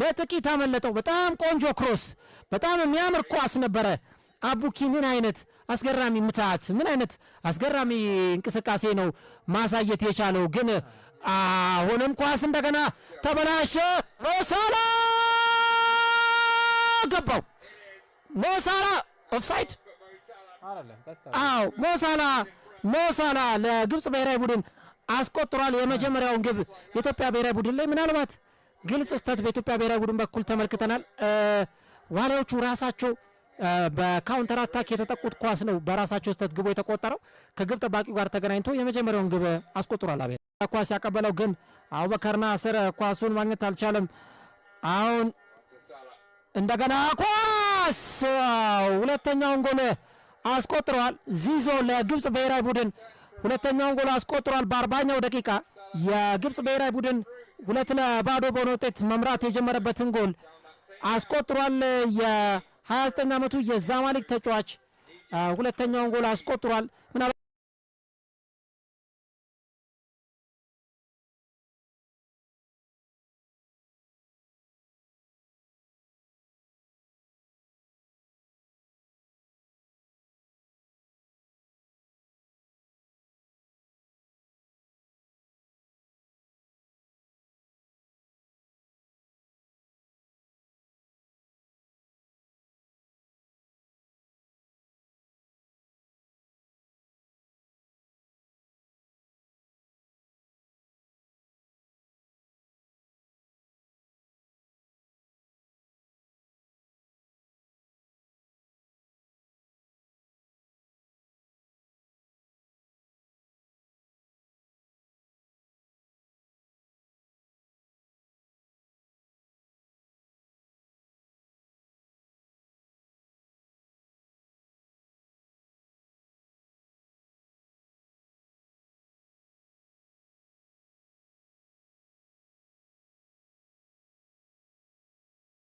ለጥቂት አመለጠው። በጣም ቆንጆ ክሮስ፣ በጣም የሚያምር ኳስ ነበረ። አቡኪ ምን አይነት አስገራሚ ምታት፣ ምን አይነት አስገራሚ እንቅስቃሴ ነው ማሳየት የቻለው። ግን አሁንም ኳስ እንደገና ተበላሸ። ሞሳላ ገባው። ሞሳላ ኦፍሳይድ። አዎ ሞሳላ ሞሳላ ለግብፅ ብሔራዊ ቡድን አስቆጥሯል። የመጀመሪያውን ግብ የኢትዮጵያ ብሔራዊ ቡድን ላይ ምናልባት ግልጽ ስህተት በኢትዮጵያ ብሔራዊ ቡድን በኩል ተመልክተናል። ዋሊያዎቹ ራሳቸው በካውንተር አታክ የተጠቁት ኳስ ነው በራሳቸው ስህተት ግቦ የተቆጠረው። ከግብ ጠባቂ ጋር ተገናኝቶ የመጀመሪያውን ግብ አስቆጥሯል። አቤ ኳስ ያቀበለው ግን አቡበከር ናስር ኳሱን ማግኘት አልቻለም። አሁን እንደገና ኳስ ሁለተኛውን ጎል አስቆጥረዋል። ዚዞ ለግብፅ ብሔራዊ ቡድን ሁለተኛውን ጎል አስቆጥሯል በአርባኛው ደቂቃ የግብፅ ብሔራዊ ቡድን ሁለት ለባዶ በሆነ ውጤት መምራት የጀመረበትን ጎል አስቆጥሯል። የ29 ዓመቱ የዛማሊክ ተጫዋች ሁለተኛውን ጎል አስቆጥሯል።